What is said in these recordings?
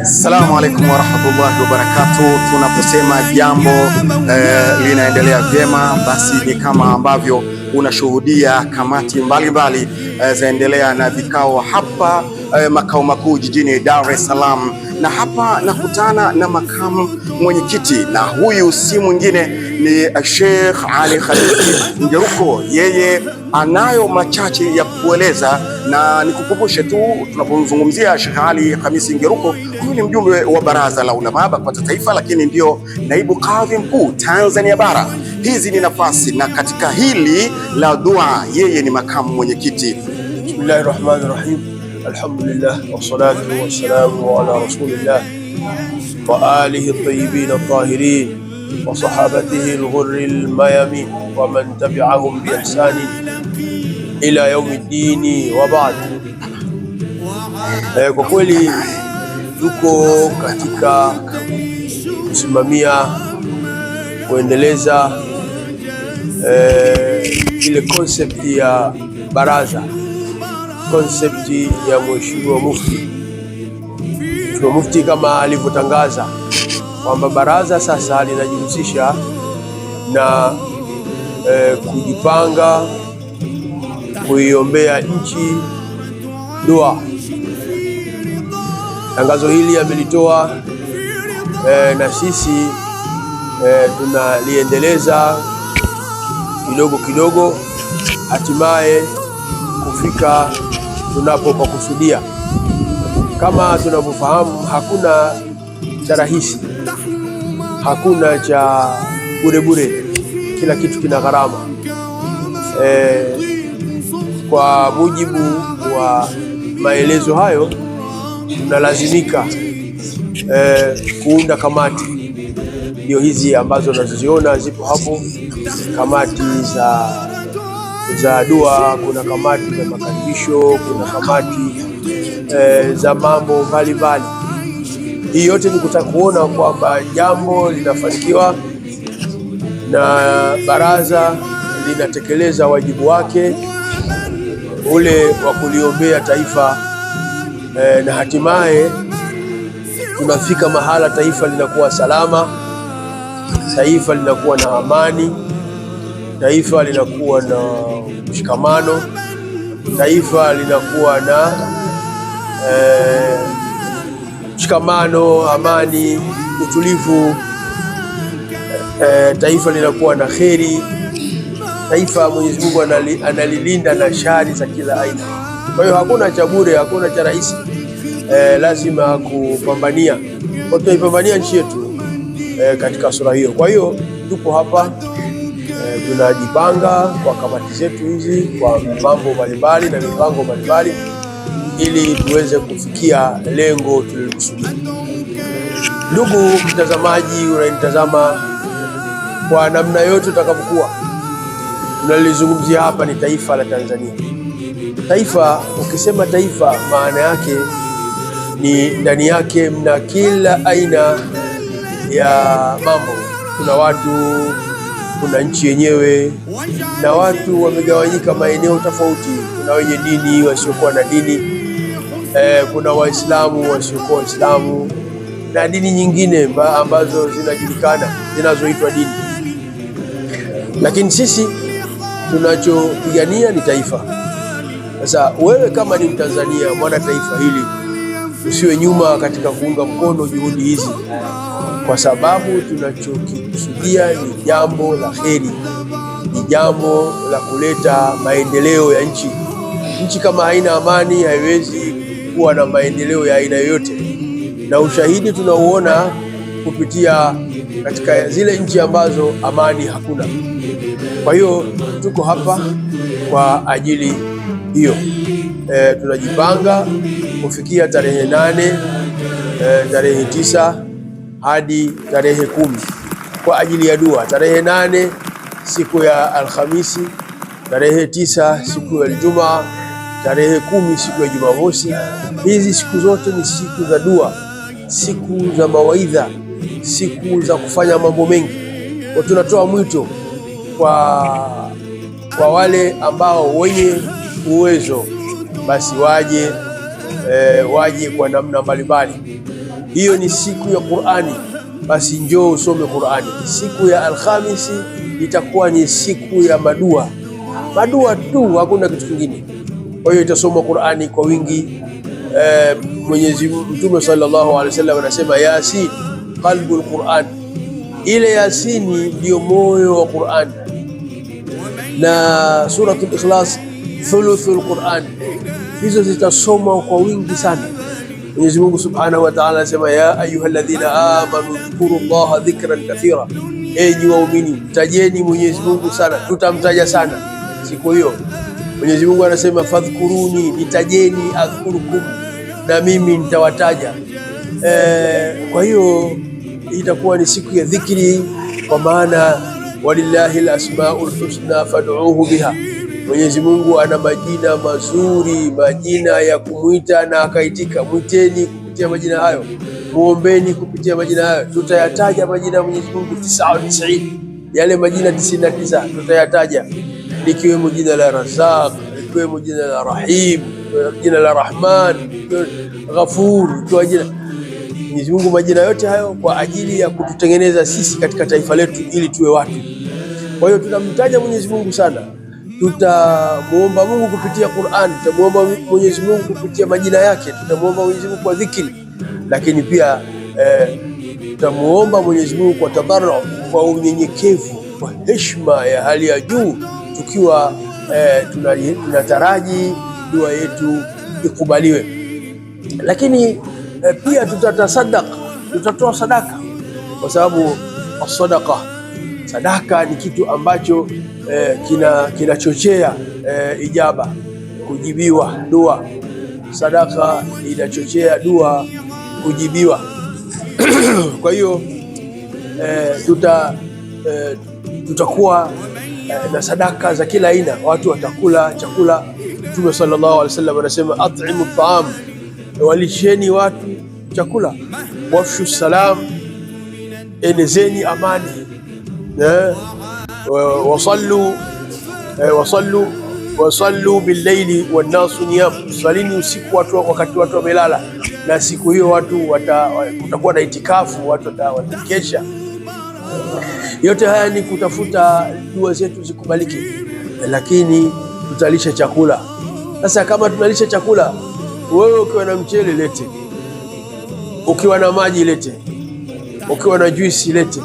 Assalamu alaikum warahmatullahi wabarakatuh. Tunaposema jambo eh, linaendelea vyema, basi ni kama ambavyo unashuhudia kamati mbalimbali eh, zaendelea na vikao hapa eh, makao makuu jijini Dar es Salaam, na hapa nakutana na makamu mwenyekiti, na huyu si mwingine ni Sheikh Ali Khalifi Ngeruko. Yeye anayo machache ya kueleza na nikukumbushe tu tunapozungumzia Sheikh Ali Hamisi Ngeruko, huyu ni mjumbe wa Baraza la Ulamaa BAKWATA Taifa, lakini ndio naibu kadhi mkuu Tanzania Bara. Hizi ni nafasi, na katika hili la dua yeye ni makamu mwenyekiti. Bismillahir Rahmanir Rahim, alhamdulillah wassalatu wassalamu ala rasulillah wa alihi tayyibin tahirin wa sahabatihi al-ghurril mayamin wa man tabi'ahum bi ihsanin ila yaumi dini wa baad. E, eh, kwa kweli tuko katika kusimamia kuendeleza e, ile concept ya baraza, concept ya mheshimiwa mufti. Mheshimiwa mufti kama alivyotangaza kwamba baraza sasa linajihusisha na e, kujipanga kuiombea nchi dua. Tangazo hili amelitoa e, na sisi e, tunaliendeleza kidogo kidogo, hatimaye kufika tunapopakusudia. Kama tunavyofahamu, hakuna cha rahisi, hakuna cha bure bure, kila kitu kina gharama e, kwa mujibu wa maelezo hayo, tunalazimika eh, kuunda kamati. Ndio hizi ambazo nazoziona zipo hapo, kamati za za dua, kuna kamati za makaribisho, kuna kamati eh, za mambo mbalimbali. Hii yote ni kutaka kuona kwamba jambo linafanikiwa na baraza linatekeleza wajibu wake ule wa kuliombea taifa e, na hatimaye tunafika mahala taifa linakuwa salama, taifa linakuwa na amani, taifa linakuwa na mshikamano, taifa linakuwa na e, mshikamano, amani, utulivu, e, taifa linakuwa na kheri taifa Mwenyezi Mungu anali, analilinda na shari za kila aina. Kwa hiyo hakuna cha bure, hakuna cha rahisi e, lazima kupambania kwa tunaipambania nchi yetu e, katika sura hiyo. Kwa hiyo tupo hapa e, tunajipanga kwa kamati zetu hizi kwa mambo mbalimbali na mipango mbalimbali ili tuweze kufikia lengo tulilokusudia. Ndugu mtazamaji, unanitazama kwa namna yote utakapokuwa tunalizungumzia hapa ni taifa la Tanzania. Taifa, ukisema taifa, maana yake ni ndani yake mna kila aina ya mambo. Kuna watu, kuna nchi yenyewe, na watu wamegawanyika maeneo tofauti. Kuna wenye dini, wasiokuwa na dini eh, kuna Waislamu, wasiokuwa Waislamu na dini nyingine ambazo zinajulikana zinazoitwa dini, lakini sisi tunachopigania ni taifa. Sasa wewe kama ni Mtanzania, mwana taifa hili, usiwe nyuma katika kuunga mkono juhudi hizi, kwa sababu tunachokikusudia ni jambo la heri, ni jambo la kuleta maendeleo ya nchi. Nchi kama haina amani haiwezi kuwa na maendeleo ya aina yoyote, na ushahidi tunauona kupitia katika zile nchi ambazo amani hakuna. Kwa hiyo tuko hapa kwa ajili hiyo. E, tunajipanga kufikia tarehe nane e, tarehe tisa hadi tarehe kumi kwa ajili ya dua. Tarehe nane siku ya Alhamisi, tarehe tisa siku ya Ijumaa, tarehe kumi siku ya Jumamosi. Hizi siku zote ni siku za dua, siku za mawaidha siku za kufanya mambo mengi. Kwa tunatoa mwito kwa, kwa wale ambao wenye uwezo basi waje e, waje kwa namna mbalimbali. Hiyo ni siku ya Qur'ani, basi njoo usome Qur'ani. Siku ya Alhamisi itakuwa ni siku ya madua, madua tu, hakuna kitu kingine. Kwa hiyo itasomwa Qur'ani kwa wingi. E, Mwenyezi Mtume sallallahu alaihi wasallam anasema Yasin qalbu lquran, ile Yasini ndiyo moyo wa quran na suratu likhlas thuluthu lqurani. Hizo zitasomwa kwa wingi sana. Mwenyezi Mungu subhanahu wa taala anasema, ya ayuha alladhina amanu dhkuru llaha dhikran kathira, enyi waumini mtajeni Mwenyezi Mungu sana. Tutamtaja sana siku hiyo. Mwenyezi Mungu anasema fadhkuruni, nitajeni adhkurukum, na mimi nitawataja. E, kwa hiyo itakuwa ni siku ya dhikri, kwa maana walillahi alasmaul husna fad'uhu biha, Mwenyezi Mungu ana majina mazuri, majina ya kumwita na akaitika. Mwiteni kupitia majina hayo, muombeni kupitia majina hayo. Tutayataja majina ya Mwenyezi Mungu 99 yale majina 99 tutayataja, likiwemo jina la Razaq, likiwemo jina la Rahim, jina la Rahman, Ghafur, jina Mwenyezi Mungu majina yote hayo kwa ajili ya kututengeneza sisi katika taifa letu ili tuwe watu. Kwa hiyo tunamtaja Mwenyezi Mungu sana, tutamuomba Mungu kupitia Qur'an, tutamuomba Mwenyezi Mungu kupitia majina yake, tutamuomba Mwenyezi Mungu kwa dhikri, lakini pia eh, tutamuomba Mwenyezi Mungu kwa tabarru, kwa unyenyekevu, kwa heshima ya hali ya juu, tukiwa eh, tunataraji dua yetu ikubaliwe, lakini E, pia tutatasadaka, tutatoa sadaka, kwa sababu sadaka sadaka ni kitu ambacho e, kinachochea e, ijaba kujibiwa dua. Sadaka inachochea dua kujibiwa. Kwa hiyo e, tuta e, tutakuwa na sadaka za kila aina, watu watakula chakula. Mtume sallallahu alaihi wasallam anasema at'imu ta'am walisheni watu chakula, wafshu salam, enezeni amani, eh? eh, wasallu wasallu wasallu billaili wannasu niyam, salini usiku watu wakati watu wamelala. Na siku hiyo watu watakuwa na itikafu, watu watakesha. Yote haya ni kutafuta dua zetu zikubaliki, lakini tutalisha chakula. Sasa kama tunalisha chakula wewe ukiwa na mchele lete, ukiwa na maji lete, ukiwa na juisi lete,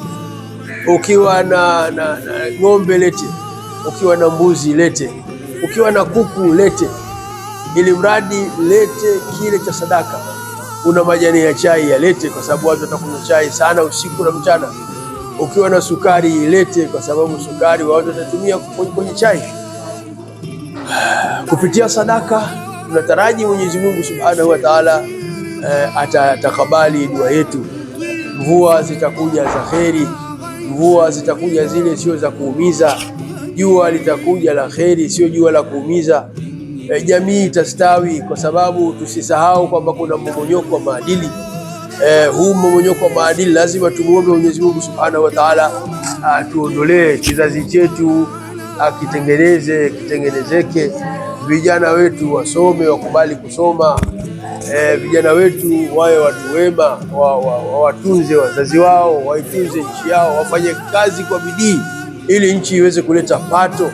ukiwa na, na, na ng'ombe lete, ukiwa na mbuzi lete, ukiwa na kuku lete, ili mradi lete kile cha sadaka. Una majani ya chai ya lete kwa sababu watu watakunywa chai sana usiku na mchana. Ukiwa na sukari ilete, kwa sababu sukari watu watatumia kwenye chai. Kupitia sadaka tunataraji Mwenyezi Mungu Subhanahu wa Ta'ala eh, atatakabali dua yetu. Mvua zitakuja za kheri, mvua zitakuja zile sio za kuumiza. Jua litakuja la kheri, sio jua la kuumiza. Eh, jamii itastawi kwa sababu tusisahau kwamba kuna mmomonyoko wa maadili. eh, huu mmomonyoko wa maadili lazima tumuombe Mwenyezi Mungu Subhanahu wa Ta'ala atuondolee. Kizazi chetu akitengeneze, kitengenezeke vijana wetu wasome, wakubali kusoma e, vijana wetu wawe watu wema, wawatunze wa, wa wazazi wao, waitunze nchi yao, wafanye kazi kwa bidii ili nchi iweze kuleta pato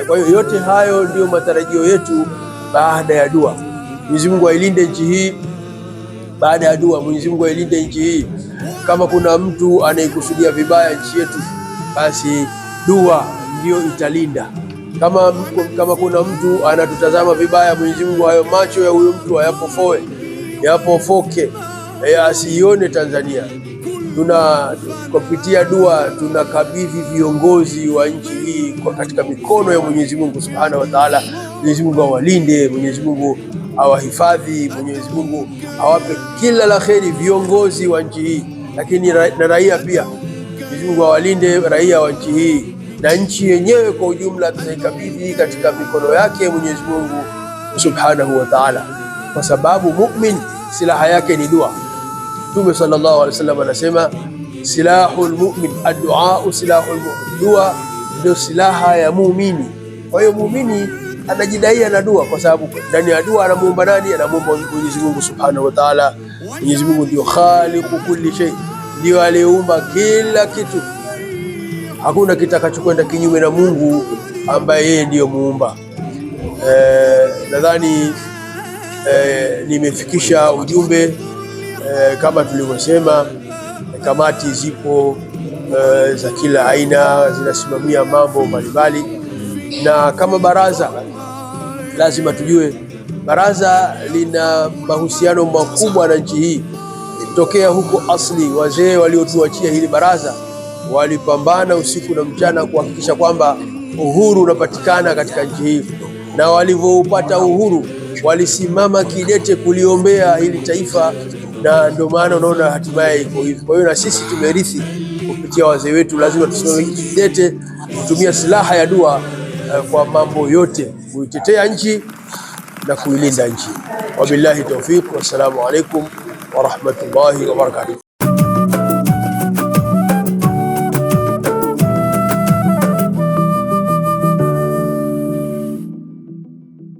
e. Kwa hiyo yote hayo ndiyo matarajio yetu baada ya dua. Mwenyezi Mungu ailinde nchi hii baada ya dua. Mwenyezi Mungu ailinde nchi hii. Kama kuna mtu anayekusudia vibaya nchi yetu, basi dua ndiyo italinda. Kama, kama kuna mtu anatutazama vibaya, Mwenyezi Mungu hayo macho ya huyo mtu hayapofoe yapofoke, eh, asiione Tanzania. Tuna kupitia dua tunakabidhi viongozi wa nchi hii kwa katika mikono ya Mwenyezi Mungu Subhanahu wa Ta'ala. Mwenyezi Mungu awalinde, Mwenyezi Mungu awahifadhi, Mwenyezi Mungu awape kila la kheri viongozi wa nchi hii, lakini na raia pia. Mwenyezi Mungu awalinde raia wa nchi hii na nchi yenyewe kwa ujumla tunaikabidhi katika mikono yake Mwenyezi Mungu Subhanahu wa Ta'ala, kwa sababu mu'min silaha yake ni dua. Mtume sallallahu alaihi wasallam anasema silahul mu'min addu'a, silahul mu'min, dua ndio silaha ya muumini. Kwa hiyo muumini anajidaia na dua, kwa sababu ndani ya dua anamuomba nani? Anamuomba Mwenyezi Mungu Subhanahu wa Ta'ala. Mwenyezi Mungu ndio khaliqu kulli shay, ndio aliyeumba kila kitu hakuna kitakachokwenda kinyume na Mungu ambaye yeye ndiyo muumba. E, nadhani e, nimefikisha ujumbe e, kama tulivyosema kamati zipo e, za kila aina zinasimamia mambo mbalimbali, na kama baraza lazima tujue baraza lina mahusiano makubwa na nchi hii tokea huko asli, wazee waliotuachia hili baraza walipambana usiku na mchana kuhakikisha kwamba uhuru unapatikana katika nchi hii, na walivyoupata uhuru walisimama kidete kuliombea hili taifa, na ndio maana unaona hatimaye iko hivi. Kwa hiyo na sisi tumerithi kupitia wazee wetu, lazima tusimame kidete kutumia silaha ya dua eh, kwa mambo yote, kuitetea nchi na kuilinda nchi. Wabillahi tawfiq, wassalamu alaikum warahmatullahi wabarakatuh.